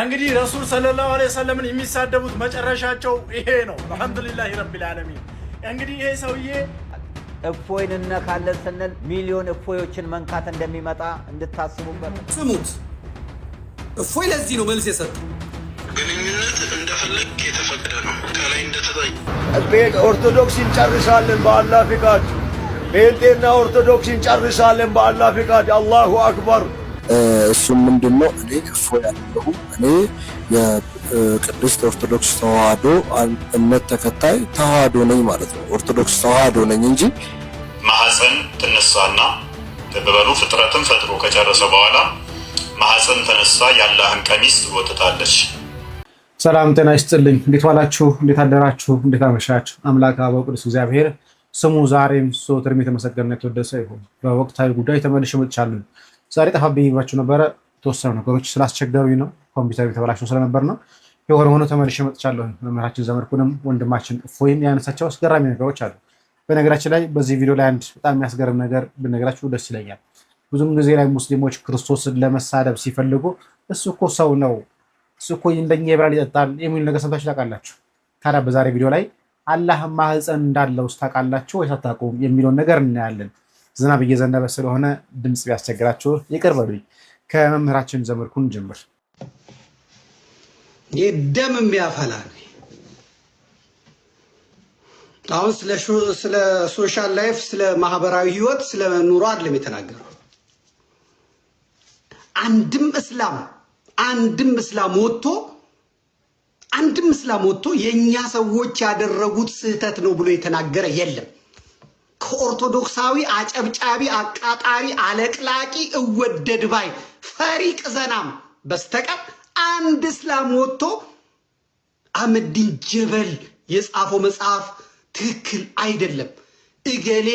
እንግዲህ ረሱል ሰለላሁ ዐለይሂ ወሰለምን የሚሳደቡት መጨረሻቸው ይሄ ነው። አልሐምዱሊላህ ረቢል ዓለሚን። እንግዲህ ይሄ ሰውዬ እፎይን እነካለን ስንል ሚሊዮን እፎዮችን መንካት እንደሚመጣ እንድታስቡበት። ስሙት፣ እፎይ ለዚህ ነው መልስ የሰጠው። ግንኙነት እንደፈለግ የተፈቀደ ነው። ከላይ እንደተጠየቀ ኦርቶዶክስ እንጨርሳለን በአላህ ፍቃድ። ጴንጤና ኦርቶዶክስ እንጨርሳለን በአላህ ፍቃድ። አላሁ አክበር እሱም ምንድን ነው? እኔ እፎ ያለሁ እኔ የቅድስት ኦርቶዶክስ ተዋህዶ እምነት ተከታይ ተዋህዶ ነኝ ማለት ነው። ኦርቶዶክስ ተዋህዶ ነኝ እንጂ ማህፀን ትነሳና በበሉ ፍጥረትን ፈጥሮ ከጨረሰ በኋላ ማህፀን ተነሳ ያለህን ቀሚስ ትወጥታለች። ሰላም ጤና ይስጥልኝ። እንዴት ዋላችሁ? እንዴት አደራችሁ? እንዴት አመሻችሁ? አምላክ አበው ቅዱስ እግዚአብሔር ስሙ ዛሬም ሶትርም የተመሰገነ የተወደሰ ይሁን። በወቅታዊ ጉዳይ ተመልሼ መጥቻለሁ። ዛሬ ጠፋብኝ ብያችሁ ነበረ። የተወሰኑ ነገሮች ስላስቸገሩኝ ነው። ኮምፒውተር የተበላሸው ስለነበር ነው። የሆነ ሆኖ ተመልሼ መጥቻለሁ። መምህራችን ዘመድኩንም ወንድማችን እፎይም ያነሳቸው አስገራሚ ነገሮች አሉ። በነገራችን ላይ በዚህ ቪዲዮ ላይ አንድ በጣም የሚያስገርም ነገር ብነገራችሁ ደስ ይለኛል። ብዙም ጊዜ ላይ ሙስሊሞች ክርስቶስን ለመሳደብ ሲፈልጉ እሱ እኮ ሰው ነው፣ እሱ እኮ እንደኛ ይበላል ይጠጣል የሚሉ ነገር ሰምታችሁ ታውቃላችሁ። ታዲያ በዛሬ ቪዲዮ ላይ አላህ ማህፀን እንዳለው ታውቃላችሁ ወይስ አታውቁም የሚለውን ነገር እናያለን። ዝናብ እየዘነበ ስለሆነ ድምፅ ቢያስቸግራችሁ ይቅር በሉኝ። ከመምህራችን ዘመድኩን ጀምር። ይህ ደም የሚያፈላ አሁን ስለ ሶሻል ላይፍ፣ ስለ ማህበራዊ ህይወት፣ ስለ ኑሮ አይደለም የተናገረው። አንድም እስላም አንድም እስላም ወጥቶ አንድም እስላም ወጥቶ የእኛ ሰዎች ያደረጉት ስህተት ነው ብሎ የተናገረ የለም። ኦርቶዶክሳዊ አጨብጫቢ፣ አቃጣሪ፣ አለቅላቂ፣ እወደድ ባይ ፈሪቅ ዘናም በስተቀር አንድ እስላም ወጥቶ አህመዲን ጀበል የጻፈው መጽሐፍ ትክክል አይደለም፣ እገሌ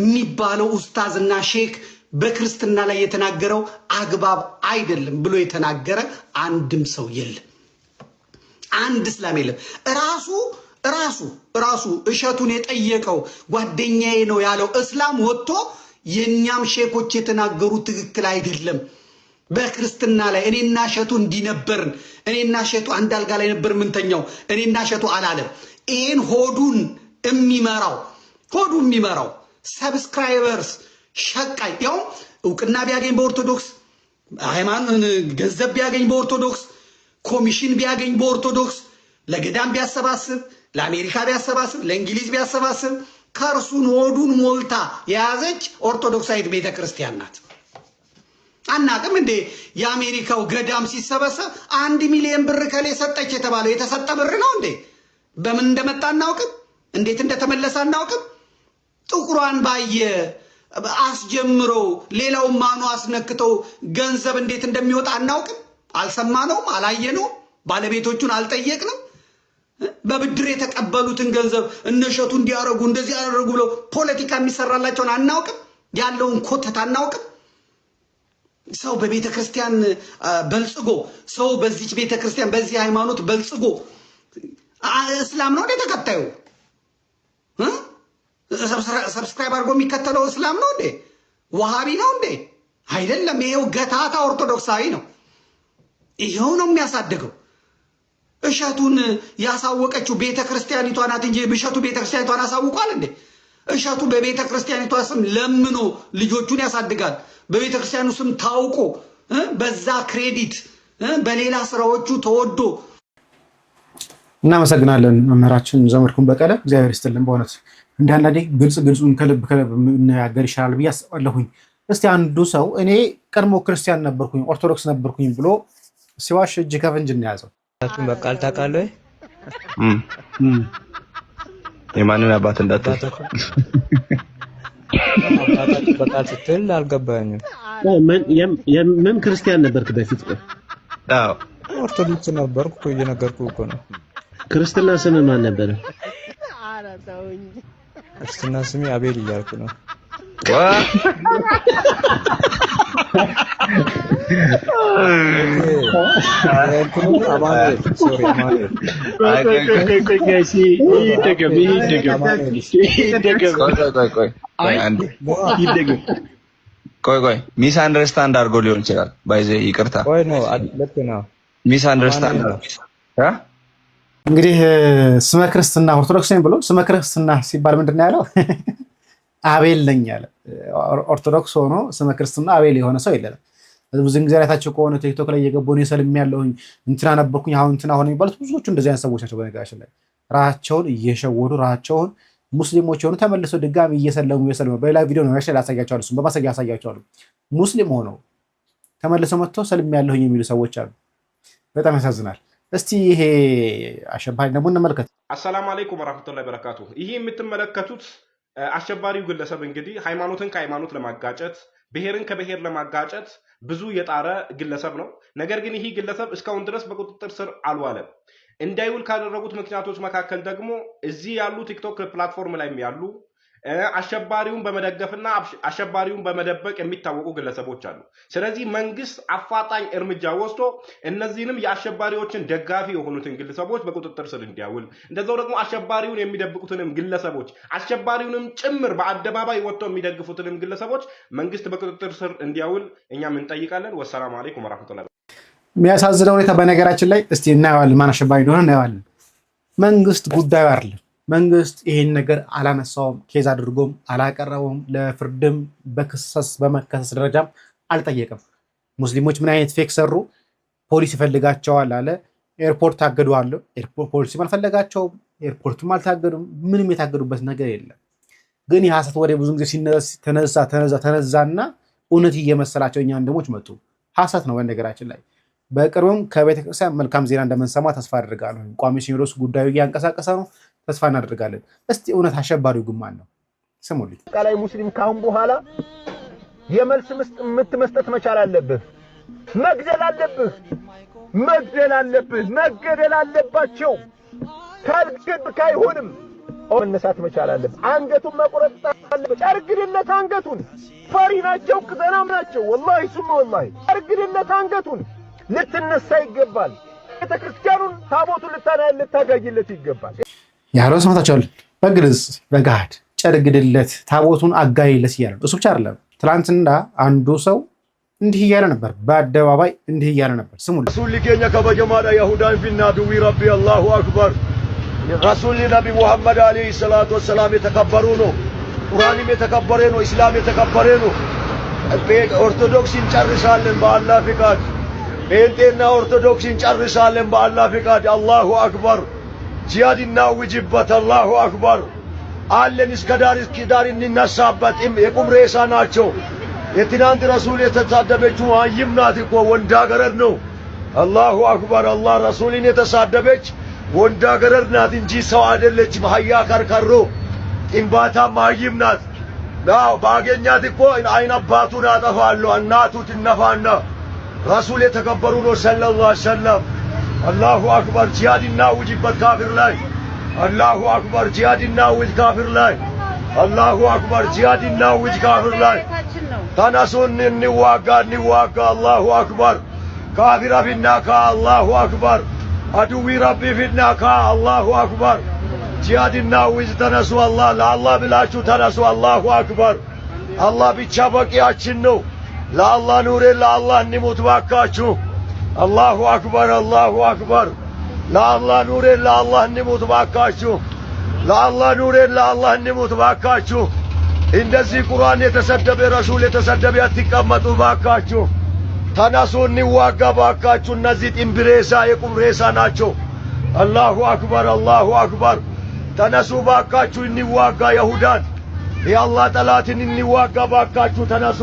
የሚባለው ኡስታዝና ሼክ በክርስትና ላይ የተናገረው አግባብ አይደለም ብሎ የተናገረ አንድም ሰው የለም። አንድ እስላም የለም ራሱ ራሱ ራሱ እሸቱን የጠየቀው ጓደኛዬ ነው ያለው እስላም ወጥቶ የእኛም ሼኮች የተናገሩት ትክክል አይደለም በክርስትና ላይ እኔና እሸቱ እንዲነበርን እኔና እሸቱ አንድ አልጋ ላይ ነበር ምንተኛው እኔና እሸቱ አላለም። ይህን ሆዱን የሚመራው ሆዱ የሚመራው ሰብስክራይበርስ ሸቃይ ያው እውቅና ቢያገኝ በኦርቶዶክስ ሃይማኖት ገንዘብ ቢያገኝ በኦርቶዶክስ ኮሚሽን ቢያገኝ በኦርቶዶክስ ለገዳም ቢያሰባስብ ለአሜሪካ ቢያሰባስብ ለእንግሊዝ ቢያሰባስብ ከእርሱን ሆዱን ሞልታ የያዘች ኦርቶዶክሳዊት ቤተ ክርስቲያን ናት። አናቅም እንዴ? የአሜሪካው ገዳም ሲሰበሰብ አንድ ሚሊዮን ብር ከሌ ሰጠች የተባለው የተሰጠ ብር ነው እንዴ? በምን እንደመጣ አናውቅም። እንዴት እንደተመለሰ አናውቅም። ጥቁሯን ባየ አስጀምሮ ሌላውን ማኑ አስነክተው ገንዘብ እንዴት እንደሚወጣ አናውቅም። አልሰማነውም፣ አላየነውም፣ ባለቤቶቹን አልጠየቅንም። በብድር የተቀበሉትን ገንዘብ እነሸቱ እንዲያደርጉ እንደዚህ ያደረጉ ብለው ፖለቲካ የሚሰራላቸውን አናውቅም። ያለውን ኮተት አናውቅም። ሰው በቤተ ክርስቲያን በልጽጎ ሰው በዚች ቤተ ክርስቲያን በዚህ ሃይማኖት በልጽጎ እስላም ነው እንደ ተከታዩ ሰብስክራይብ አድርጎ የሚከተለው እስላም ነው እንዴ? ውሃቢ ነው እንዴ? አይደለም። ይሄው ገታታ ኦርቶዶክሳዊ ነው። ይኸው ነው የሚያሳድገው። እሸቱን ያሳወቀችው ቤተ ክርስቲያኒቷ ናት እንጂ እሸቱ ቤተ ክርስቲያኒቷን አሳውቋል እንዴ? እሸቱ በቤተ ክርስቲያኒቷ ስም ለምኖ ልጆቹን ያሳድጋል። በቤተ ክርስቲያኑ ስም ታውቆ በዛ ክሬዲት በሌላ ስራዎቹ ተወዶ እናመሰግናለን። መምህራችን ዘመድኩን በቀለ እግዚአብሔር ይስጥልን። በእውነት እንደ ግልጽ ግልጹን ከልብ ከልብ መናገር ይሻላል ብዬ አስባለሁኝ። እስቲ አንዱ ሰው እኔ ቀድሞ ክርስቲያን ነበርኩኝ ኦርቶዶክስ ነበርኩኝ ብሎ ሲዋሽ እጅ ከፍንጅ እናያዘው አባታችሁን በቃል ታውቃለህ? የማንን አባት እንዳትል በቃል ስትል አልገባኝም። ምን ክርስቲያን ነበርክ በፊት? አዎ ኦርቶዶክስ ነበርኩ እኮ እየነገርኩህ እኮ ነው። ክርስትና ስም ማን ነበረ? ክርስትና ስሜ አቤል እያልኩ ነው። ቆይ ቆይ፣ ሚስ አንደርስታንድ አድርጎ ሊሆን ይችላል። ባይዘ ይቅርታ፣ ሚስ አንደርስታንድ እንግዲህ ስመ ክርስትና ኦርቶዶክስ ነኝ ብሎ ስመ ክርስትና ሲባል ምንድን ነው ያለው? አቤል ነኝ አለ። ኦርቶዶክስ ሆኖ ስመ ክርስትና አቤል የሆነ ሰው የለም። ብዙ ጊዜ አይታችሁ ከሆነ ቲክቶክ ላይ እየገቡ እኔ ሰልም ያለሁኝ እንትና ነበርኩኝ አሁን እንትና ሆነ የሚባሉት ብዙዎቹ እንደዚህ አይነት ሰዎች ናቸው። በነገራችን ላይ ራቸውን እየሸወዱ ራቸውን ሙስሊሞች የሆኑ ተመልሰው ድጋሚ እየሰለሙ እየሰለሙ በሌላ ቪዲዮ ነው ያሽ ላሳያቸዋል። እሱም በማሳያ ያሳያቸዋል። ሙስሊም ሆነው ተመልሰው መጥተው ሰልም ያለሁኝ የሚሉ ሰዎች አሉ። በጣም ያሳዝናል። እስቲ ይሄ አሸባሪ ደግሞ እንመልከት። አሰላሙ አለይኩም ወራህመቱላሂ በረካቱ። ይሄ የምትመለከቱት አሸባሪው ግለሰብ እንግዲህ ሃይማኖትን ከሃይማኖት ለማጋጨት ብሔርን ከብሔር ለማጋጨት ብዙ የጣረ ግለሰብ ነው። ነገር ግን ይህ ግለሰብ እስካሁን ድረስ በቁጥጥር ስር አልዋለም። እንዳይውል ካደረጉት ምክንያቶች መካከል ደግሞ እዚህ ያሉ ቲክቶክ ፕላትፎርም ላይም ያሉ አሸባሪውን በመደገፍና አሸባሪውን በመደበቅ የሚታወቁ ግለሰቦች አሉ። ስለዚህ መንግስት አፋጣኝ እርምጃ ወስዶ እነዚህንም የአሸባሪዎችን ደጋፊ የሆኑትን ግለሰቦች በቁጥጥር ስር እንዲያውል እንደዛው ደግሞ አሸባሪውን የሚደብቁትንም ግለሰቦች አሸባሪውንም ጭምር በአደባባይ ወጥተው የሚደግፉትንም ግለሰቦች መንግስት በቁጥጥር ስር እንዲያውል እኛም እንጠይቃለን። ወሰላሙ አለይኩም ወራህመቱላ። የሚያሳዝነው ሁኔታ በነገራችን ላይ እስቲ እናየዋለን፣ ማን አሸባሪ እንደሆነ እናየዋለን። መንግስት ጉዳዩ አይደለም መንግስት ይህን ነገር አላነሳውም፣ ኬዝ አድርጎም አላቀረበውም፣ ለፍርድም በክሰስ በመከሰስ ደረጃም አልጠየቅም። ሙስሊሞች ምን አይነት ፌክ ሰሩ? ፖሊስ ይፈልጋቸዋል አለ። ኤርፖርት ታገዱ አለ። ፖሊስም አልፈለጋቸውም፣ ኤርፖርትም አልታገዱም። ምንም የታገዱበት ነገር የለም። ግን የሐሰት ወሬ ብዙ ጊዜ ተነዛ ተነዛ ተነዛና እውነት እየመሰላቸው እኛ ወንድሞች መጡ። ሐሰት ነው። በነገራችን ላይ በቅርብም ከቤተክርስቲያን መልካም ዜና እንደምንሰማ ተስፋ አድርጋለሁ። ቋሚ ሲኖዶስ ጉዳዩ እያንቀሳቀሰ ነው። ተስፋ እናደርጋለን። እስቲ እውነት አሸባሪው ግን ማን ነው? ስሙልኝ። አጠቃላይ ሙስሊም ካሁን በኋላ የመልስ ምት መስጠት መቻል አለብህ። መግደል አለብህ፣ መግደል አለብህ፣ መገደል አለባቸው። ካልገድክ ካይሆንም መነሳት መቻል አለብህ። አንገቱን መቁረጥ አለብህ። ጨርግድነት አንገቱን። ፈሪ ናቸው፣ ቅዘናም ናቸው። ወላሂ ሱም ወላሂ ጨርግድነት አንገቱን። ልትነሳ ይገባል። ቤተ ክርስቲያኑን ታቦቱን ልታና ልታጋይለት ይገባል። የሀለወስ ማታቸዋል በግልጽ በገሃድ ጨርግድለት ታቦቱን አጋይለት እያለ እሱ ብቻ አይደለም። ትናንትና አንዱ ሰው እንዲህ እያለ ነበር፣ በአደባባይ እንዲህ እያለ ነበር። ስሙ ረሱል ሊኬኛ ከበጀማዳ የሁዳን ፊና ዱዊ ረቢ አላሁ አክበር ረሱል ነቢ ሙሐመድ አለይሂ ሰላቱ ወሰላም የተከበሩ ነው። ቁርአንም የተከበረ ነው። ኢስላም የተከበረ ነው። ኦርቶዶክስ እንጨርሳለን በአላህ ፍቃድ። ጴንጤና ኦርቶዶክስ እንጨርሳለን በአላህ ፍቃድ። አላሁ አክበር ጂሃድ እናውጅበት። አላሁ አክበር አለን እስከ ዳር እስከ ዳር እንነሳበት። የቁም ሬሳ ናቸው። የትናንት ረሱል የተሳደበችው አይም ናት እኮ ገረድ ነው። አላሁ አክበር አላህ ረሱልን የተሳደበች ወንዳ ገረድ ናት እንጂ ሰው አይደለችም። ማህያ ከርከሮ ጥንባታም ማይም ናት። ባገኛት እኮ አይን አባቱን አጠፋለሁ። እናቱ ትነፋና ረሱል የተከበሩ ነው ሰለላሁ ዐለይሂ ወሰለም አላሁ አክበር ጂሃድ እናውጅበት ካፊር ላይ አላሁ አክበር ጂሃድ እናውጅ ካፊር ላይ አላሁ አክበር ጂሃድ እናውጅ ካፊር ላይ ተነሱን እንዋጋ እንዋጋ አላሁ አክበር ካፊር ቢናካ አላሁ አክበር አድዊ ረቢ ፊናካ አላሁ አክበር ጂሃድ እናውጅ ተነሱ አላህ ለአላህ ብላችሁ ተነሱ አላሁ አክበር አላህ ብቻ በቂያችን ነው ለአላህ ኑሬ ለአላህ እንሙት ባካችሁ አላሁ አክበር፣ አላሁ አክበር። ለአላህ ኑሬን ለአላህ እንሙት ባካችሁ፣ ለአላህ ኑሬን ለአላህ እንሙት ባካችሁ። እንደዚህ ቁርአን የተሰደበ ረሱል የተሰደበ አትቀመጡ ባካችሁ። ተነሱ እንዋጋ ባካችሁ። እነዚህ ጥምብሬሳ የቁም ሬሳ ናቸው። አላሁ አክበር፣ አላሁ አክበር። ተነሱ ባካችሁ እንዋጋ። ይሁዳን የአላህ ጠላትን እንዋጋ ባካችሁ። ተነሱ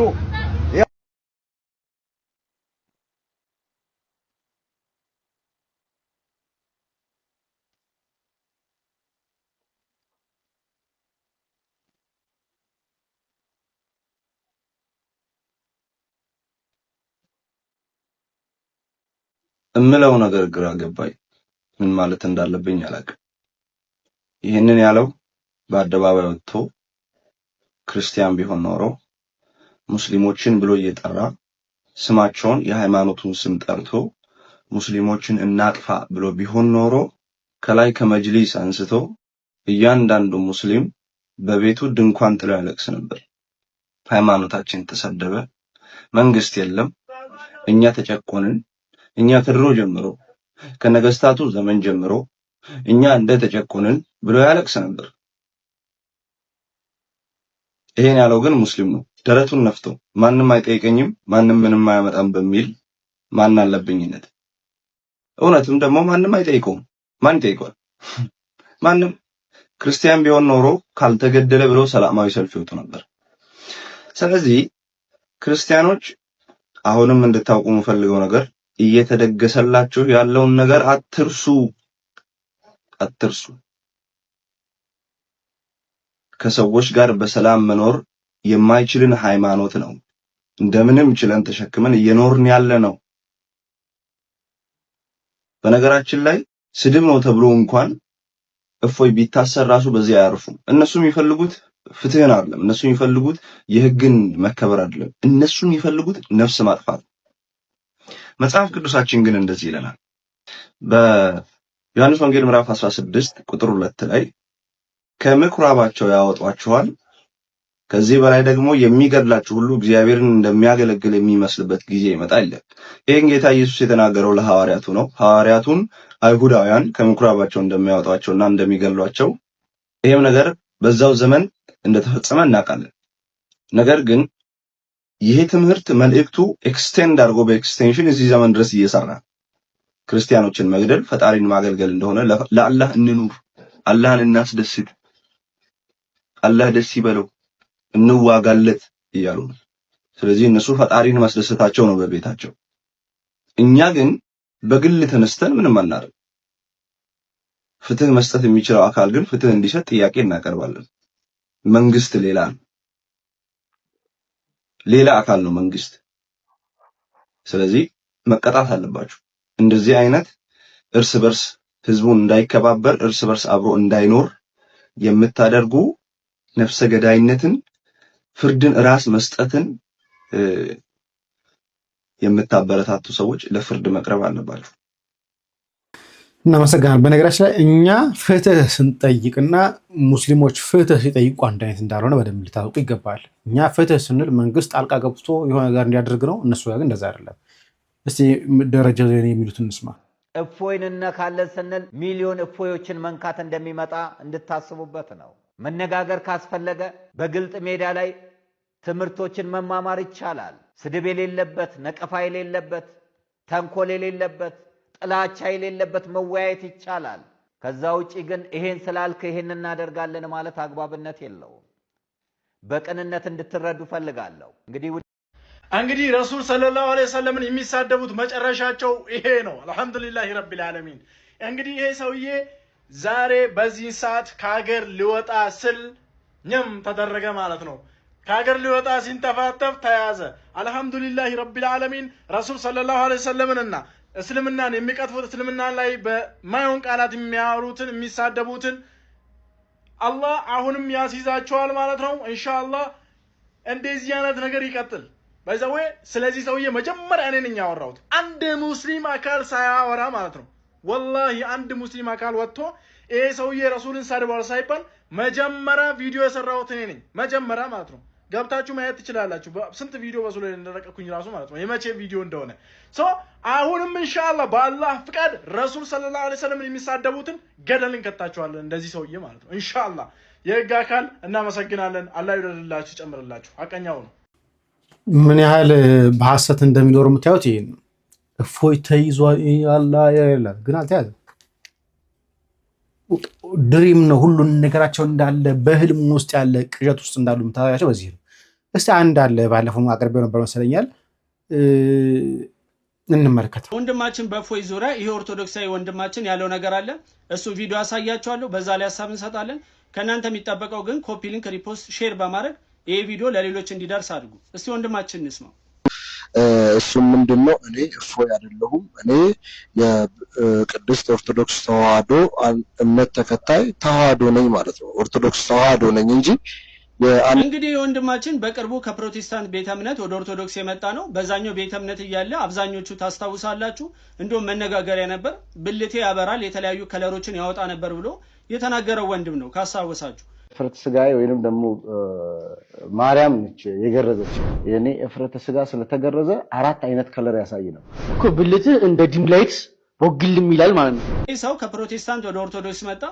እምለው ነገር ግራ ገባኝ። ምን ማለት እንዳለብኝ አላቅም። ይህንን ያለው በአደባባይ ወጥቶ ክርስቲያን ቢሆን ኖሮ ሙስሊሞችን ብሎ እየጠራ ስማቸውን የሃይማኖቱን ስም ጠርቶ ሙስሊሞችን እናጥፋ ብሎ ቢሆን ኖሮ ከላይ ከመጅሊስ አንስቶ እያንዳንዱ ሙስሊም በቤቱ ድንኳን ጥሎ ያለቅስ ነበር። ሃይማኖታችን ተሰደበ፣ መንግስት የለም፣ እኛ ተጨቆንን እኛ ከድሮ ጀምሮ ከነገስታቱ ዘመን ጀምሮ እኛ እንደተጨቆንን ብሎ ያለቅስ ነበር። ይሄን ያለው ግን ሙስሊም ነው። ደረቱን ነፍቶ ማንም አይጠይቀኝም፣ ማንም ምንም አያመጣም በሚል ማን አለብኝነት እውነትም ደግሞ ማንም አይጠይቀውም። ማን ይጠይቀዋል? ማንም ክርስቲያን ቢሆን ኖሮ ካልተገደለ ብሎ ሰላማዊ ሰልፍ ይወጡ ነበር። ስለዚህ ክርስቲያኖች አሁንም እንድታውቁ የምፈልገው ነገር እየተደገሰላችሁ ያለውን ነገር አትርሱ አትርሱ። ከሰዎች ጋር በሰላም መኖር የማይችልን ሃይማኖት ነው። እንደምንም ችለን ተሸክመን እየኖርን ያለ ነው። በነገራችን ላይ ስድብ ነው ተብሎ እንኳን እፎይ ቢታሰር ራሱ በዚህ አያርፉም። እነሱ የሚፈልጉት ፍትህን አይደለም። እነሱ የሚፈልጉት የህግን መከበር አይደለም። እነሱ የሚፈልጉት ነፍስ ማጥፋት መጽሐፍ ቅዱሳችን ግን እንደዚህ ይለናል። በዮሐንስ ወንጌል ምዕራፍ 16 ቁጥር 2 ላይ ከምኩራባቸው ያወጧችኋል፣ ከዚህ በላይ ደግሞ የሚገድላችሁ ሁሉ እግዚአብሔርን እንደሚያገለግል የሚመስልበት ጊዜ ይመጣል ይላል። ይህን ጌታ ኢየሱስ የተናገረው ለሐዋርያቱ ነው። ሐዋርያቱን አይሁዳውያን ከምኩራባቸው እንደሚያወጧቸውና እንደሚገድሏቸው ይህም ነገር በዛው ዘመን እንደተፈጸመ እናውቃለን። ነገር ግን ይሄ ትምህርት መልእክቱ ኤክስቴንድ አድርጎ በኤክስቴንሽን እዚህ ዘመን ድረስ እየሰራ ክርስቲያኖችን መግደል ፈጣሪን ማገልገል እንደሆነ ለአላህ እንኑር፣ አላህን እናስደስት፣ አላህ ደስ ይበለው፣ እንዋጋለት እያሉ ነው። ስለዚህ እነሱ ፈጣሪን ማስደሰታቸው ነው በቤታቸው። እኛ ግን በግል ተነስተን ምንም አናደርግ። ፍትህ መስጠት የሚችለው አካል ግን ፍትህ እንዲሰጥ ጥያቄ እናቀርባለን። መንግስት ሌላ ነው። ሌላ አካል ነው መንግስት። ስለዚህ መቀጣት አለባችሁ። እንደዚህ አይነት እርስ በርስ ህዝቡን እንዳይከባበር እርስ በርስ አብሮ እንዳይኖር የምታደርጉ ነፍሰ ገዳይነትን፣ ፍርድን ራስ መስጠትን የምታበረታቱ ሰዎች ለፍርድ መቅረብ አለባችሁ። እናመሰግናል። በነገራችን ላይ እኛ ፍትህ ስንጠይቅና ሙስሊሞች ፍትህ ሲጠይቁ አንድ አይነት እንዳልሆነ በደንብ ሊታወቁ ይገባል። እኛ ፍትህ ስንል መንግስት ጣልቃ ገብቶ የሆነ ነገር እንዲያደርግ ነው። እነሱ ግን እንደዛ አይደለም። እስቲ ደረጃ ዘኔ የሚሉት እንስማ። እፎይን እነካለን ስንል ሚሊዮን እፎዮችን መንካት እንደሚመጣ እንድታስቡበት ነው። መነጋገር ካስፈለገ በግልጥ ሜዳ ላይ ትምህርቶችን መማማር ይቻላል። ስድብ የሌለበት፣ ነቀፋ የሌለበት፣ ተንኮል የሌለበት ጥላቻ የሌለበት መወያየት ይቻላል። ከዛ ውጪ ግን ይሄን ስላልክ ይሄን እናደርጋለን ማለት አግባብነት የለውም። በቅንነት እንድትረዱ ፈልጋለሁ። እንግዲህ እንግዲህ ረሱል ሰለላሁ ዐለይሂ ወሰለምን የሚሳደቡት መጨረሻቸው ይሄ ነው። አልሐምዱሊላህ ረቢል ዓለሚን። እንግዲህ ይሄ ሰውዬ ዛሬ በዚህ ሰዓት ከሀገር ሊወጣ ስል ኝም ተደረገ ማለት ነው። ከሀገር ሊወጣ ሲንተፋተፍ ተያዘ። አልሐምዱሊላህ ረቢል ዓለሚን ረሱል ሰለላሁ ዐለይሂ ወሰለምንና እስልምናን የሚቀጥፉት እስልምና ላይ በማይሆን ቃላት የሚያወሩትን የሚሳደቡትን አላህ አሁንም ያስይዛቸዋል ማለት ነው። ኢንሻአላህ እንደዚህ አይነት ነገር ይቀጥል። ባይዛዌ ስለዚህ ሰውዬ መጀመሪያ እኔ ነኝ ያወራሁት አንድ ሙስሊም አካል ሳያወራ ማለት ነው። ወላሂ አንድ ሙስሊም አካል ወጥቶ ይሄ ሰውዬ ረሱልን ሰድቧል ሳይባል መጀመሪያ ቪዲዮ የሰራሁት እኔ ነኝ መጀመሪያ ማለት ነው። ገብታችሁ ማየት ትችላላችሁ። ስንት ቪዲዮ በሱ ላይ እንደለቀኩኝ ራሱ ማለት ነው የመቼ ቪዲዮ እንደሆነ። ሶ አሁንም ኢንሻአላ በአላህ ፍቃድ ረሱል ሰለላሁ ዐለይሂ ወሰለም የሚሳደቡትን ገደል እንከታቸዋለን። እንደዚህ ሰውዬ ማለት ነው ኢንሻአላ። የህግ አካል እናመሰግናለን። አላህ ይደልላችሁ፣ ጨምርላችሁ። አቀኛው ነው ምን ያህል በሐሰት እንደሚኖር የምታዩት ይሄ እፎይ ተይዟል። አላ ግን አልተያዘም ድሪም ነው። ሁሉን ነገራቸው እንዳለ በህልም ውስጥ ያለ ቅዠት ውስጥ እንዳሉ የምታያቸው በዚህ ነው። እስቲ አንድ አለ ባለፈው አቅርቤው ነበር መሰለኛል፣ እንመልከት። ወንድማችን በፎይ ዙሪያ ይህ ኦርቶዶክሳዊ ወንድማችን ያለው ነገር አለ። እሱ ቪዲዮ አሳያቸዋለሁ። በዛ ላይ ሀሳብ እንሰጣለን። ከእናንተ የሚጠበቀው ግን ኮፒ ሊንክ፣ ሪፖስት፣ ሼር በማድረግ ይህ ቪዲዮ ለሌሎች እንዲደርስ አድርጉ። እስቲ ወንድማችን እንስማው። እሱም ምንድን ነው? እኔ እፎይ አይደለሁም። እኔ የቅድስት ኦርቶዶክስ ተዋህዶ እምነት ተከታይ ተዋህዶ ነኝ ማለት ነው። ኦርቶዶክስ ተዋህዶ ነኝ እንጂ እንግዲህ ወንድማችን በቅርቡ ከፕሮቴስታንት ቤተ እምነት ወደ ኦርቶዶክስ የመጣ ነው። በዛኛው ቤተ እምነት እያለ አብዛኞቹ ታስታውሳላችሁ፣ እንዲሁም መነጋገሪያ ነበር። ብልቴ ያበራል የተለያዩ ከለሮችን ያወጣ ነበር ብሎ የተናገረው ወንድም ነው ካስታወሳችሁ እፍረተ ስጋዬ ወይንም ደግሞ ማርያም ነች የገረዘች። የኔ እፍረተ ስጋ ስለተገረዘ አራት አይነት ከለር ያሳይ ነው እኮ ብልት እንደ ዲም ላይት ቦግልም ይላል ማለት ነው። ይህ ሰው ከፕሮቴስታንት ወደ ኦርቶዶክስ መጣ።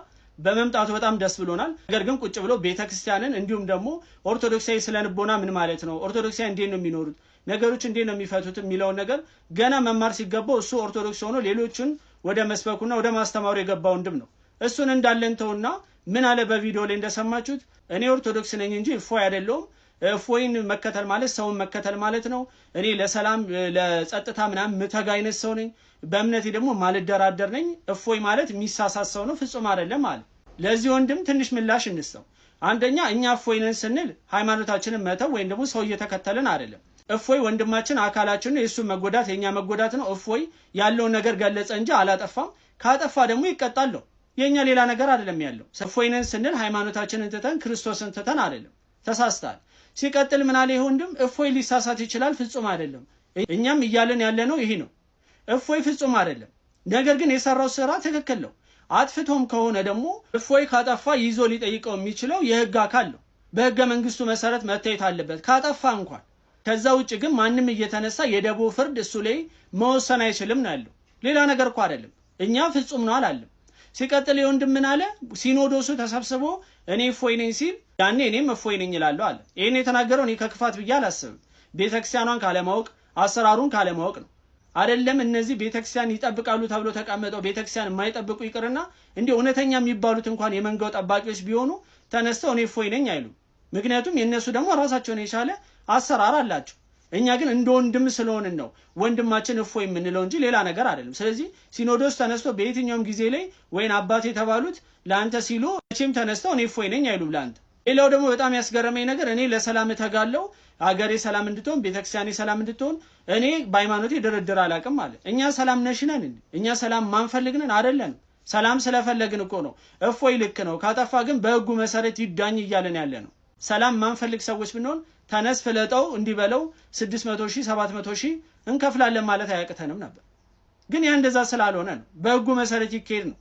በመምጣቱ በጣም ደስ ብሎናል። ነገር ግን ቁጭ ብሎ ቤተክርስቲያንን እንዲሁም ደግሞ ኦርቶዶክሳዊ ስለንቦና ምን ማለት ነው፣ ኦርቶዶክሳዊ እንዴት ነው የሚኖሩት፣ ነገሮች እንዴት ነው የሚፈቱት የሚለውን ነገር ገና መማር ሲገባው እሱ ኦርቶዶክስ ሆኖ ሌሎችን ወደ መስበኩና ወደ ማስተማሩ የገባ ወንድም ነው። እሱን እንዳለን ተውና ምን አለ በቪዲዮ ላይ እንደሰማችሁት እኔ ኦርቶዶክስ ነኝ እንጂ እፎይ አይደለሁም። እፎይን መከተል ማለት ሰውን መከተል ማለት ነው። እኔ ለሰላም ለጸጥታ ምናምን ምተጋ አይነት ሰው ነኝ። በእምነቴ ደግሞ ማልደራደር ነኝ። እፎይ ማለት የሚሳሳት ሰው ነው፣ ፍጹም አይደለም አለ። ለዚህ ወንድም ትንሽ ምላሽ እንስጠው። አንደኛ እኛ እፎይ ስንል ሃይማኖታችንን መተው ወይም ደግሞ ሰው እየተከተልን አይደለም። እፎይ ወንድማችን አካላችን ነው። የእሱ መጎዳት የእኛ መጎዳት ነው። እፎይ ያለውን ነገር ገለጸ እንጂ አላጠፋም። ካጠፋ ደግሞ ይቀጣል ነው የእኛ ሌላ ነገር አይደለም ያለው። ሰፎይነን ስንል ሃይማኖታችንን ትተን ክርስቶስን ትተን አይደለም። ተሳስታል። ሲቀጥል ምናለ ይህ ወንድም እፎይ ሊሳሳት ይችላል፣ ፍጹም አይደለም። እኛም እያለን ያለ ነው ይሄ ነው። እፎይ ፍጹም አይደለም፣ ነገር ግን የሰራው ስራ ትክክል ነው። አጥፍቶም ከሆነ ደግሞ እፎይ ካጠፋ ይዞ ሊጠይቀው የሚችለው የህግ አካል ነው። በህገ መንግስቱ መሰረት መታየት አለበት ካጠፋ እንኳን። ከዛ ውጭ ግን ማንም እየተነሳ የደቦ ፍርድ እሱ ላይ መወሰን አይችልም ነው ያለው። ሌላ ነገር እኮ አይደለም። እኛ ፍጹም ነው አላለም። ሲቀጥል የወንድም ምን አለ? ሲኖዶሱ ተሰብስቦ እኔ እፎይ ነኝ ሲል ያኔ እኔም እፎይ ነኝ እላለሁ አለ። ይህን የተናገረው እኔ ከክፋት ብዬ አላስብም። ቤተክርስቲያኗን ካለማወቅ አሰራሩን ካለማወቅ ነው። አይደለም እነዚህ ቤተክርስቲያን ይጠብቃሉ ተብሎ ተቀምጠው ቤተክርስቲያን የማይጠብቁ ይቅርና እንዲህ እውነተኛ የሚባሉት እንኳን የመንጋው ጠባቂዎች ቢሆኑ ተነስተው እኔ እፎይ ነኝ አይሉ። ምክንያቱም የእነሱ ደግሞ ራሳቸውን የቻለ አሰራር አላቸው። እኛ ግን እንደ ወንድም ስለሆንን ነው ወንድማችን እፎ የምንለው እንጂ ሌላ ነገር አይደለም። ስለዚህ ሲኖዶስ ተነስቶ በየትኛውም ጊዜ ላይ ወይን አባት የተባሉት ለአንተ ሲሉ መቼም ተነስተው እኔ እፎይ ነኝ አይሉም ለአንተ። ሌላው ደግሞ በጣም ያስገረመኝ ነገር እኔ ለሰላም እተጋለው፣ አገሬ ሰላም እንድትሆን፣ ቤተክርስቲያኔ ሰላም እንድትሆን እኔ በሃይማኖቴ ድርድር አላውቅም አለ። እኛ ሰላም ነሽነን እኛ ሰላም ማንፈልግንን አይደለንም። ሰላም ስለፈለግን እኮ ነው። እፎይ ልክ ነው፣ ካጠፋ ግን በህጉ መሰረት ይዳኝ እያለን ያለ ነው። ሰላም ማንፈልግ ሰዎች ብንሆን ተነስ ፍለጠው እንዲበለው 600 ሺህ 700 ሺህ እንከፍላለን ማለት አያቅተንም ነበር። ግን ያ እንደዛ ስላልሆነ ነው። በህጉ መሰረት ይካሄድ ነው።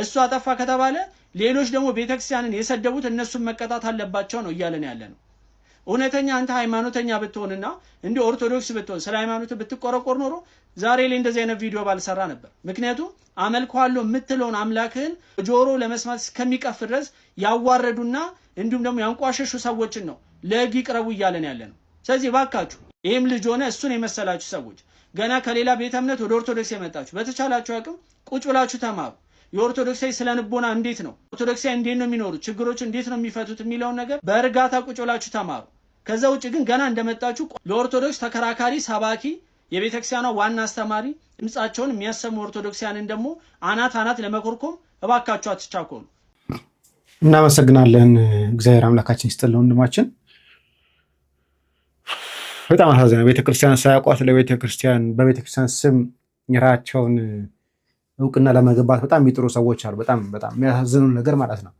እሱ አጠፋ ከተባለ ሌሎች ደግሞ ቤተክርስቲያንን የሰደቡት እነሱን መቀጣት አለባቸው ነው እያለን ያለ ነው። እውነተኛ አንተ ሃይማኖተኛ ብትሆንና እንዲህ ኦርቶዶክስ ብትሆን ስለ ሃይማኖት ብትቆረቆር ኖሮ ዛሬ ላይ እንደዚህ አይነት ቪዲዮ ባልሰራ ነበር። ምክንያቱም አመልከዋለሁ የምትለውን አምላክህን ጆሮ ለመስማት እስከሚቀፍ ድረስ ያዋረዱና እንዲሁም ደግሞ ያንቋሸሹ ሰዎችን ነው ለህግ ይቅረቡ እያለን ያለ ነው። ስለዚህ ባካችሁ ይህም ልጅ ሆነ እሱን የመሰላችሁ ሰዎች ገና ከሌላ ቤተ እምነት ወደ ኦርቶዶክስ የመጣችሁ በተቻላችሁ አቅም ቁጭ ብላችሁ ተማሩ። የኦርቶዶክሳዊ ስነ ልቦና እንዴት ነው? ኦርቶዶክሳዊ እንዴት ነው የሚኖሩት? ችግሮች እንዴት ነው የሚፈቱት? የሚለውን ነገር በእርጋታ ቁጭ ብላችሁ ተማሩ። ከዛ ውጭ ግን ገና እንደመጣችሁ ለኦርቶዶክስ ተከራካሪ፣ ሰባኪ፣ የቤተክርስቲያኗ ዋና አስተማሪ ድምጻቸውን የሚያሰሙ ኦርቶዶክሲያንን ደግሞ አናት አናት ለመኮርኮም እባካችሁ አትቻኮሉ። እናመሰግናለን። እግዚአብሔር አምላካችን ይስጥልን ወንድማችን። በጣም አሳዘነ። ቤተክርስቲያን ሳያውቋት ለቤተክርስቲያን በቤተክርስቲያን ስም የራቸውን እውቅና ለመገንባት በጣም የሚጥሩ ሰዎች አሉ። በጣም በጣም የሚያሳዝኑ ነገር ማለት ነው።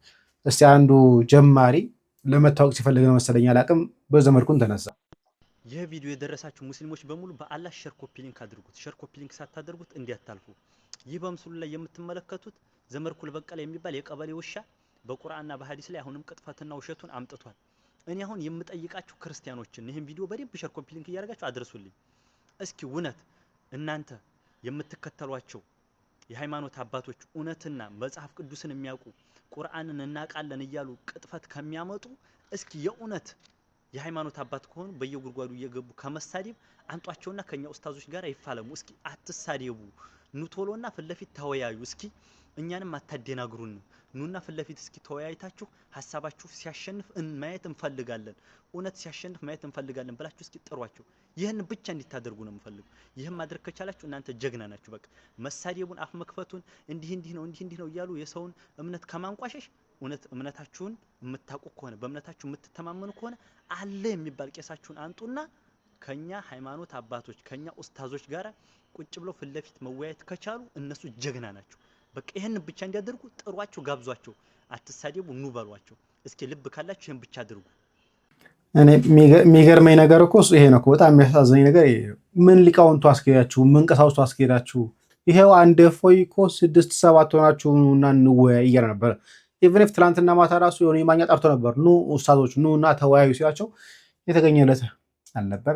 እስቲ አንዱ ጀማሪ ለመታወቅ ሲፈልግ ነው መሰለኝ አላቅም፣ በዛ መልኩን ተነሳ። ይህ ቪዲዮ የደረሳችሁ ሙስሊሞች በሙሉ በአላህ ሸር ኮፒ ሊንክ አድርጉት። ሸር ኮፒ ሊንክ ሳታደርጉት እንዲያታልፉ። ይህ በምስሉ ላይ የምትመለከቱት ዘመርኩል በቀለ የሚባል የቀበሌ ውሻ በቁርአንና በሀዲስ ላይ አሁንም ቅጥፈትና ውሸቱን አምጥቷል። እኔ አሁን የምጠይቃችሁ ክርስቲያኖችን ይህን ቪዲዮ በደንብ ሸር፣ ኮፒ ሊንክ እያደረጋችሁ አድርሱልኝ። እስኪ እውነት እናንተ የምትከተሏቸው የሃይማኖት አባቶች እውነትና መጽሐፍ ቅዱስን የሚያውቁ ቁርአንን እናውቃለን እያሉ ቅጥፈት ከሚያመጡ እስኪ የእውነት የሃይማኖት አባት ከሆኑ በየጉድጓዱ እየገቡ ከመሳደብ አንጧቸውና ከኛ ኡስታዞች ጋር ይፋለሙ። እስኪ አትሳደቡ፣ ኑቶሎና ፊት ለፊት ተወያዩ እስኪ እኛንም አታደናግሩን። ኑና ፊት ለፊት እስኪ ተወያይታችሁ ሀሳባችሁ ሲያሸንፍ ማየት እንፈልጋለን፣ እውነት ሲያሸንፍ ማየት እንፈልጋለን ብላችሁ እስኪ ጥሯቸው። ይህን ብቻ እንዲታደርጉ ነው የምፈልገው። ይህም ማድረግ ከቻላችሁ እናንተ ጀግና ናችሁ። በቃ መሳደቡን፣ አፍ መክፈቱን፣ እንዲህ እንዲህ ነው እንዲህ እንዲህ ነው እያሉ የሰውን እምነት ከማንቋሸሽ እውነት እምነታችሁን የምታውቁ ከሆነ በእምነታችሁ የምትተማመኑ ከሆነ አለ የሚባል ቄሳችሁን አንጡና ከኛ ሃይማኖት አባቶች ከኛ ኡስታዞች ጋር ቁጭ ብለው ፊት ለፊት መወያየት ከቻሉ እነሱ ጀግና ናቸው። በቃ ይህን ብቻ እንዲያደርጉ ጥሯቸው፣ ጋብዟቸው፣ አትሳደቡ፣ ኑ በሏቸው። እስኪ ልብ ካላችሁ ይህን ብቻ አድርጉ። እኔ የሚገርመኝ ነገር እኮ ይሄ ነው። በጣም የሚያሳዝነኝ ነገር ምን ሊቃውንቱ አስኬዳችሁ፣ ምን ቀሳውስቱ አስኬዳችሁ፣ ይሄው አንድ ፎይ እኮ ስድስት ሰባት ሆናችሁ እና እንወያይ እያለ ነበር። ኢቨንፍ ትላንትና ማታ ራሱ የሆነ የማኛ ጠርቶ ነበር። ኑ ውስታዞች ኑ እና ተወያዩ ሲላቸው የተገኘለት አልነበረ።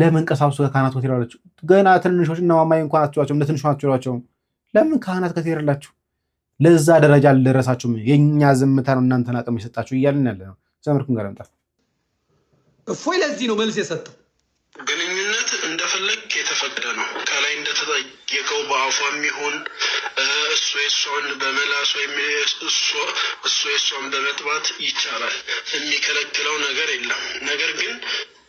ለምን ቀሳውስቱ ከካህናት ወት ይላለች ገና ትንንሾች እነማማይ እንኳን አትችሏቸውም፣ እንደ ትንሾች ናቸው ለምን ካህናት ከተሄደላችሁ ለዛ ደረጃ አልደረሳችሁም። የእኛ ዝምታ ነው እናንተን አቅም የሰጣችሁ እያልን ያለ ነው። ዘምርኩን ጋር ለምጣ እፎይ ለዚህ ነው መልስ የሰጠው። ግንኙነት እንደፈለግ የተፈቀደ ነው። ከላይ እንደተጠየቀው በአፏ የሚሆን እሱ የሷን በመላስ ወይም እሱ የሷን በመጥባት ይቻላል። የሚከለክለው ነገር የለም። ነገር ግን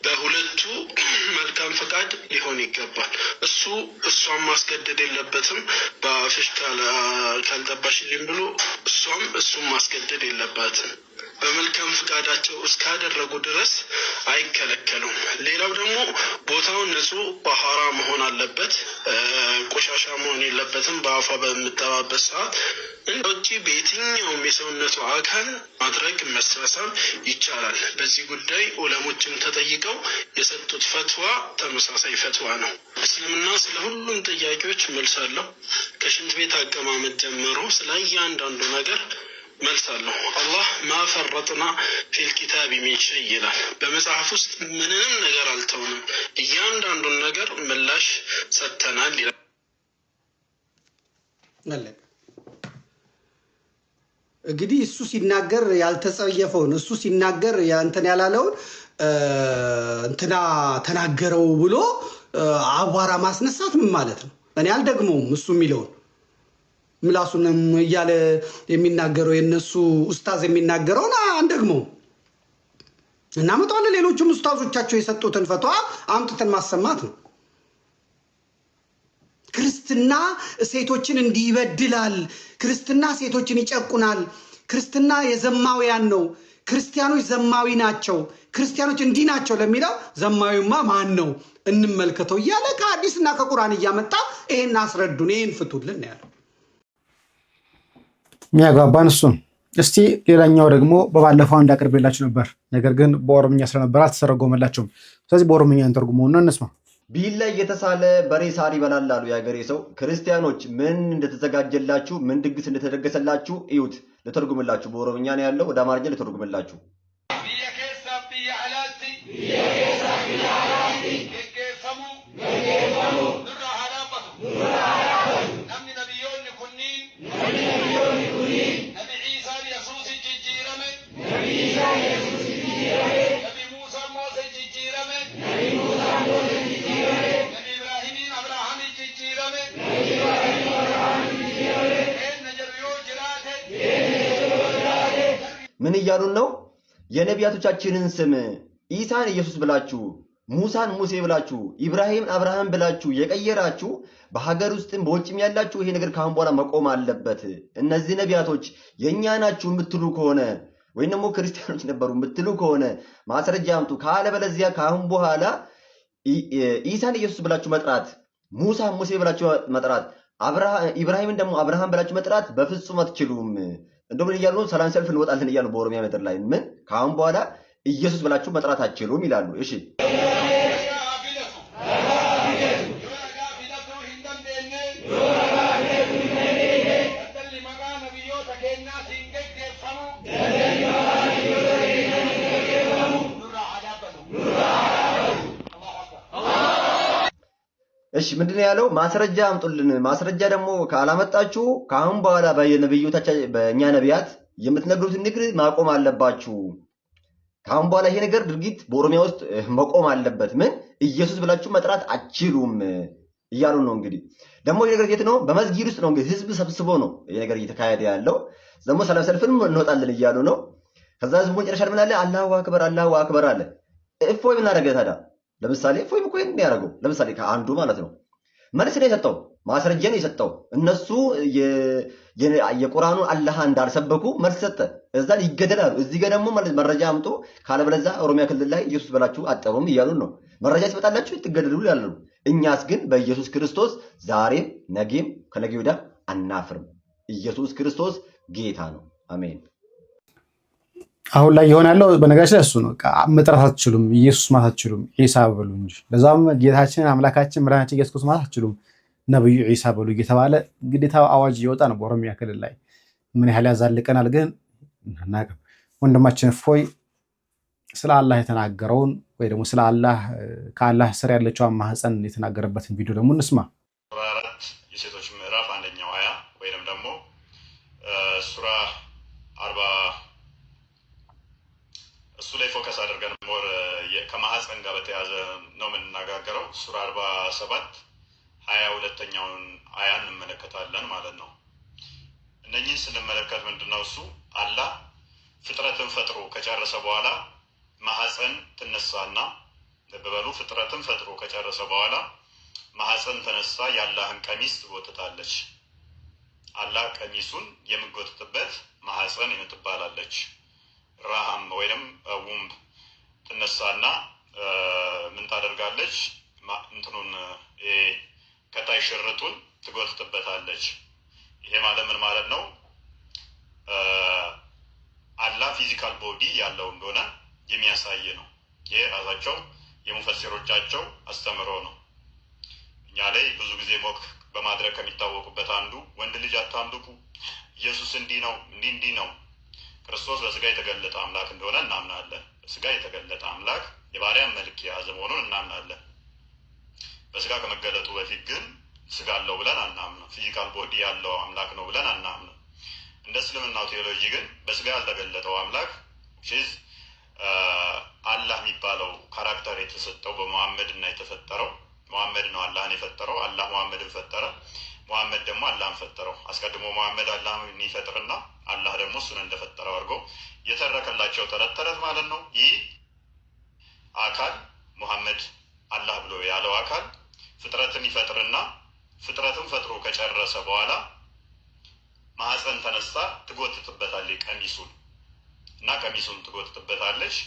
በሁለቱ መልካም ፈቃድ ሊሆን ይገባል። እሱ እሷን ማስገደድ የለበትም። በአፍሽ ካልጠባሽልኝ ብሎ እሷም እሱን ማስገደድ የለባትም። በመልካም ፍቃዳቸው እስካደረጉ ድረስ አይከለከሉም። ሌላው ደግሞ ቦታውን ንጹህ ባህራ መሆን አለበት። ቆሻሻ መሆን የለበትም። በአፏ በምጠባበት ሰዓት ውጭ በየትኛውም የሰውነቱ አካል ማድረግ መሳሳብ ይቻላል። በዚህ ጉዳይ ዑለሞችም ተጠይቀው እሳቸው የሰጡት ፈትዋ ተመሳሳይ ፈትዋ ነው። እስልምና ስለ ሁሉም ጥያቄዎች መልስ አለው። ከሽንት ቤት አቀማመጥ ጀምሮ ስለ እያንዳንዱ ነገር መልስ አለው። አላህ ማፈረጥና ፊልኪታብ ሚንሸ ይላል። በመጽሐፍ ውስጥ ምንም ነገር አልተውንም፣ እያንዳንዱን ነገር ምላሽ ሰጥተናል ይላል። እንግዲህ እሱ ሲናገር ያልተጸየፈውን እሱ ሲናገር ያንተን ያላለውን እንትና ተናገረው ብሎ አቧራ ማስነሳት ምን ማለት ነው? እኔ አልደግመውም። እሱ የሚለውን ምላሱንም እያለ የሚናገረው የነሱ ኡስታዝ የሚናገረውን አንደግመውም። እናመጣዋለን። ሌሎችም ኡስታዞቻቸው የሰጡትን ፈቷ አምጥተን ማሰማት ነው። ክርስትና ሴቶችን እንዲህ ይበድላል፣ ክርስትና ሴቶችን ይጨቁናል፣ ክርስትና የዘማውያን ነው፣ ክርስቲያኖች ዘማዊ ናቸው ክርስቲያኖች እንዲህ ናቸው ለሚለው ዘማዊማ ማን ነው እንመልከተው እያለ ከአዲስ እና ከቁርአን እያመጣ ይሄን አስረዱን፣ ይህን ፍቱልን ያለው ሚያጓባን እሱን። እስቲ ሌላኛው ደግሞ በባለፈው አንድ እንዳቀርብላችሁ ነበር፣ ነገር ግን በኦሮምኛ ስለነበር አልተተረጎመላቸውም። ስለዚህ በኦሮምኛ ነው፣ እንስማ። ቢላ እየተሳለ በሬ ሳር ይበላል አሉ የሀገሬ ሰው። ክርስቲያኖች ምን እንደተዘጋጀላችሁ ምን ድግስ እንደተደገሰላችሁ እዩት። ልተርጉምላችሁ፣ በኦሮምኛ ነው ያለው፣ ወደ አማርኛ ልተርጉምላችሁ። የነቢያቶቻችንን ስም ኢሳን ኢየሱስ ብላችሁ ሙሳን ሙሴ ብላችሁ ኢብራሂምን አብርሃም ብላችሁ የቀየራችሁ በሀገር ውስጥም በውጭም ያላችሁ ይሄ ነገር ከአሁን በኋላ መቆም አለበት። እነዚህ ነቢያቶች የእኛ ናችሁ የምትሉ ከሆነ ወይም ደግሞ ክርስቲያኖች ነበሩ የምትሉ ከሆነ ማስረጃ አምጡ። ካለበለዚያ ከአሁን በኋላ ኢሳን ኢየሱስ ብላችሁ መጥራት፣ ሙሳን ሙሴ ብላችሁ መጥራት፣ ኢብራሂምን ደግሞ አብርሃም ብላችሁ መጥራት በፍጹም አትችሉም። እንደው ምን እያሉ ነው? ሰላማዊ ሰልፍ እንወጣለን እያሉ በኦሮሚያ ምድር ላይ ምን ከአሁን በኋላ ኢየሱስ ብላችሁ መጥራት አትችሉም ይላሉ። እሺ እሺ ምንድነው ያለው? ማስረጃ አምጡልን። ማስረጃ ደግሞ ካላመጣችሁ ከአሁን በኋላ በነብዩታችን በእኛ ነቢያት የምትነግሩትን ንግር ማቆም አለባችሁ። ከአሁን በኋላ ይሄ ነገር ድርጊት በኦሮሚያ ውስጥ መቆም አለበት። ምን ኢየሱስ ብላችሁ መጥራት አችሉም እያሉ ነው። እንግዲህ ደግሞ ይሄ ነገር የት ነው? በመስጊድ ውስጥ ነው። እንግዲህ ህዝብ ሰብስቦ ነው ይሄ ነገር እየተካሄደ ያለው። ደግሞ ሰላም ሰልፍንም እንወጣለን እያሉ ነው። ከዛ ህዝቡ መጨረሻ ምን አለ? አላሁ አክበር አላሁ አክበር አለ። እፎይ ምን አደረገ ታዲያ? ለምሳሌ ፎይም እኮ ይሄን የሚያደርገው ለምሳሌ ከአንዱ ማለት ነው መልስ ነው የሰጠው፣ ማስረጃ ነው የሰጠው። እነሱ የቁርአኑን አላህ እንዳልሰበኩ መልስ ሰጠ። እዛ ይገደላሉ። እዚህ ጋር ደግሞ መረጃ አምጦ ካለበለዛ ኦሮሚያ ክልል ላይ ኢየሱስ በላችሁ አጠሩም እያሉን ነው። መረጃ ሲመጣላችሁ ይትገደሉ ያሉ። እኛስ ግን በኢየሱስ ክርስቶስ ዛሬም፣ ነጌም ከነጌ ወዲያ አናፍርም። ኢየሱስ ክርስቶስ ጌታ ነው። አሜን። አሁን ላይ የሆናለው ያለው በነገራችን ላይ እሱ ነው። መጥራት አትችሉም፣ ኢየሱስ ማለት አትችሉም፣ ዒሳ በሉ እንጂ። ለዛም ጌታችን አምላካችን መድኃኒታችን ኢየሱስ ክርስቶስ ማለት አትችሉም፣ ነብዩ ዒሳ በሉ እየተባለ ግዴታ አዋጅ እየወጣ ነው በኦሮሚያ ክልል ላይ። ምን ያህል ያዛልቀናል ግን እናቅም። ወንድማችን እፎይ ስለ አላህ የተናገረውን ወይ ደግሞ ስለ አላህ ከአላህ ስር ያለችው ማህፀን የተናገረበትን ቪዲዮ ደግሞ እንስማ። ሞር ከማህፀን ጋር በተያያዘ ነው የምንነጋገረው። ሱራ አርባ ሰባት ሀያ ሁለተኛውን አያ እንመለከታለን ማለት ነው። እነኚህን ስንመለከት ምንድነው እሱ አላህ ፍጥረትን ፈጥሮ ከጨረሰ በኋላ ማህፀን ትነሳና በበሉ ፍጥረትን ፈጥሮ ከጨረሰ በኋላ ማህፀን ተነሳ የአላህን ቀሚስ ትጎትታለች። አላህ ቀሚሱን የምጎትትበት ማህፀን ይነትባላለች ራሃም ወይም ውምብ ትነሳና ምን ታደርጋለች? እንትኑን ከታይ ሽርጡን ትጎትትበታለች። ይሄ ማለት ምን ማለት ነው? አላ ፊዚካል ቦዲ ያለው እንደሆነ የሚያሳይ ነው። ይሄ ራሳቸው የሙፈሲሮቻቸው አስተምሮ ነው። እኛ ላይ ብዙ ጊዜ ሞክ በማድረግ ከሚታወቁበት አንዱ ወንድ ልጅ አታምልኩ፣ ኢየሱስ እንዲህ ነው እንዲህ እንዲህ ነው፣ ክርስቶስ በስጋ የተገለጠ አምላክ እንደሆነ እናምናለን። ስጋ የተገለጠ አምላክ የባሪያን መልክ የያዘ መሆኑን እናምናለን። በስጋ ከመገለጡ በፊት ግን ስጋ አለው ብለን አናምንም። ፊዚካል ቦዲ ያለው አምላክ ነው ብለን አናምነው። እንደ እስልምናው ቴዎሎጂ ግን በስጋ ያልተገለጠው አምላክ ሽዝ uh, አላህ የሚባለው ካራክተር የተሰጠው በመሐመድ እና የተፈጠረው መሐመድ ነው አላህን የፈጠረው። አላህ መሐመድን ፈጠረ። መሐመድ ደግሞ አላህን ፈጠረው። አስቀድሞ መሐመድ አላህን ይፈጥርና አላህ ደግሞ እሱን እንደፈጠረው አድርጎ የተረከላቸው ተረት ተረት ማለት ነው። ይህ አካል ሙሐመድ አላህ ብሎ ያለው አካል ፍጥረትን ይፈጥርና ፍጥረትን ፈጥሮ ከጨረሰ በኋላ ማህፀን ተነሳ ትጎትትበታለች ቀሚሱን እና ቀሚሱን ትጎትትበታለች።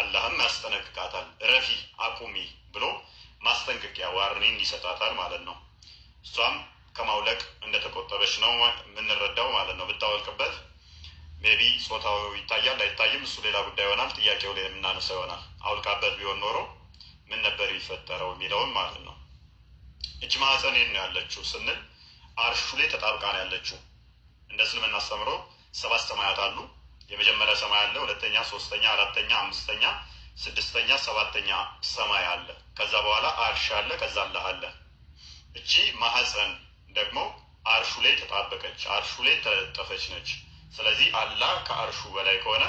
አላህም ያስጠነቅቃታል። ረፊ አቁሚ ብሎ ማስጠንቀቂያ ዋርኒን ይሰጣታል ማለት ነው እሷም ከማውለቅ እንደተቆጠበች ነው የምንረዳው ማለት ነው። ብታወልቅበት ቢ ጾታው ይታያል አይታይም፣ እሱ ሌላ ጉዳይ ይሆናል። ጥያቄው ላይ የምናነሳው ይሆናል። አውልቃበት ቢሆን ኖሮ ምን ነበር የሚፈጠረው የሚለውን ማለት ነው። እጅ ማህፀኔ ነው ያለችው ስንል አርሹ ላይ ተጣብቃ ነው ያለችው። እንደ እስልምና አስተምሮ ሰባት ሰማያት አሉ። የመጀመሪያ ሰማይ አለ፣ ሁለተኛ፣ ሶስተኛ፣ አራተኛ፣ አምስተኛ፣ ስድስተኛ፣ ሰባተኛ ሰማይ አለ። ከዛ በኋላ አርሽ አለ፣ ከዛ አለ አለ እቺ ማህፀን ደግሞ አርሹ ላይ ተጣበቀች፣ አርሹ ላይ ተለጠፈች ነች። ስለዚህ አላህ ከአርሹ በላይ ከሆነ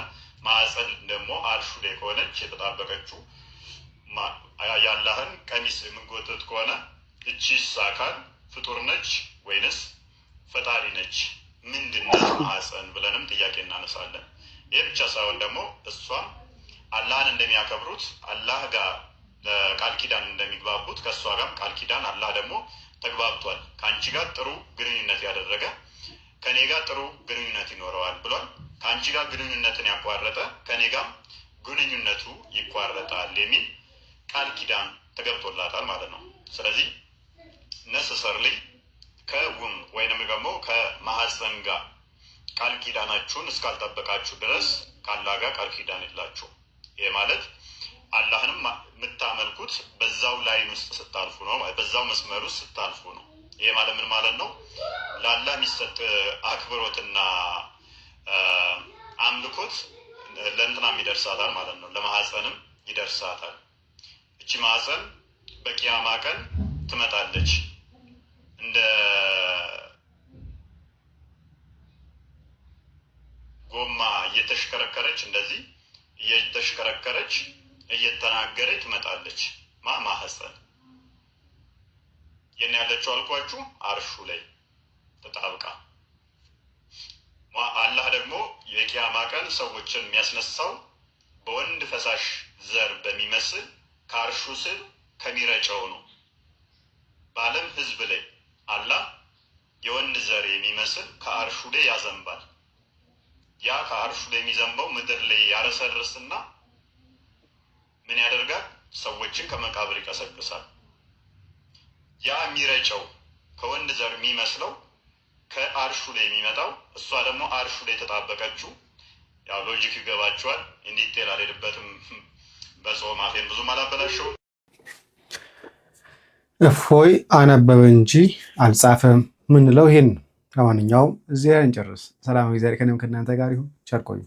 ማዕፀን ደግሞ አርሹ ላይ ከሆነች የተጣበቀችው የአላህን ቀሚስ የምንጎትት ከሆነ እቺስ አካል ፍጡር ነች ወይንስ ፈጣሪ ነች? ምንድነች ማዕፀን ብለንም ጥያቄ እናነሳለን። ይህ ብቻ ሳይሆን ደግሞ እሷም አላህን እንደሚያከብሩት አላህ ጋር ቃል ኪዳን እንደሚግባቡት ከእሷ ጋርም ቃል ኪዳን አላህ ደግሞ ተግባብቷል። ከአንቺ ጋር ጥሩ ግንኙነት ያደረገ ከኔ ጋር ጥሩ ግንኙነት ይኖረዋል ብሏል። ከአንቺ ጋር ግንኙነትን ያቋረጠ ከኔ ጋር ግንኙነቱ ይቋረጣል የሚል ቃል ኪዳን ተገብቶላታል ማለት ነው። ስለዚህ ነሰሰርሊ ከውም ወይንም ደግሞ ከማህፀን ጋር ቃል ኪዳናችሁን እስካልጠበቃችሁ ድረስ ካላ ጋር ቃል ኪዳን የላችሁ ይሄ ማለት አላህንም የምታመልኩት በዛው ላይን ውስጥ ስታልፉ ነው፣ በዛው መስመር ውስጥ ስታልፉ ነው። ይሄ ማለት ምን ማለት ነው? ለአላህ የሚሰጥ አክብሮትና አምልኮት ለእንትናም ይደርሳታል ማለት ነው፣ ለማህፀንም ይደርሳታል። እቺ ማህፀን በቂያማ ቀን ትመጣለች እንደ ጎማ እየተሽከረከረች እንደዚህ እየተሽከረከረች እየተናገረ ትመጣለች። ማ ማህፀን የን ያለችው አልኳችሁ አርሹ ላይ ተጣብቃ አላህ ደግሞ የቂያማ ቀን ሰዎችን የሚያስነሳው በወንድ ፈሳሽ ዘር በሚመስል ከአርሹ ስር ከሚረጨው ነው። በዓለም ሕዝብ ላይ አላህ የወንድ ዘር የሚመስል ከአርሹ ላይ ያዘንባል። ያ ከአርሹ ላይ የሚዘንበው ምድር ላይ ያረሰርስና ምን ያደርጋል? ሰዎችን ከመቃብር ይቀሰቅሳል። ያ የሚረጨው ከወንድ ዘር የሚመስለው ከአርሹ ላይ የሚመጣው እሷ ደግሞ አርሹ ላይ የተጣበቀችው ያው ሎጂክ ይገባችኋል። እንዲቴል አልሄድበትም። በጾም አፌን ብዙም አላበላሸውም። እፎይ አነበበ እንጂ አልጻፈም ምንለው ይሄን። ለማንኛውም እዚያ እንጨርስ። ሰላም፣ እግዚአብሔር ከእኔም ከእናንተ ጋር ይሁን። ቸር ቆዩ።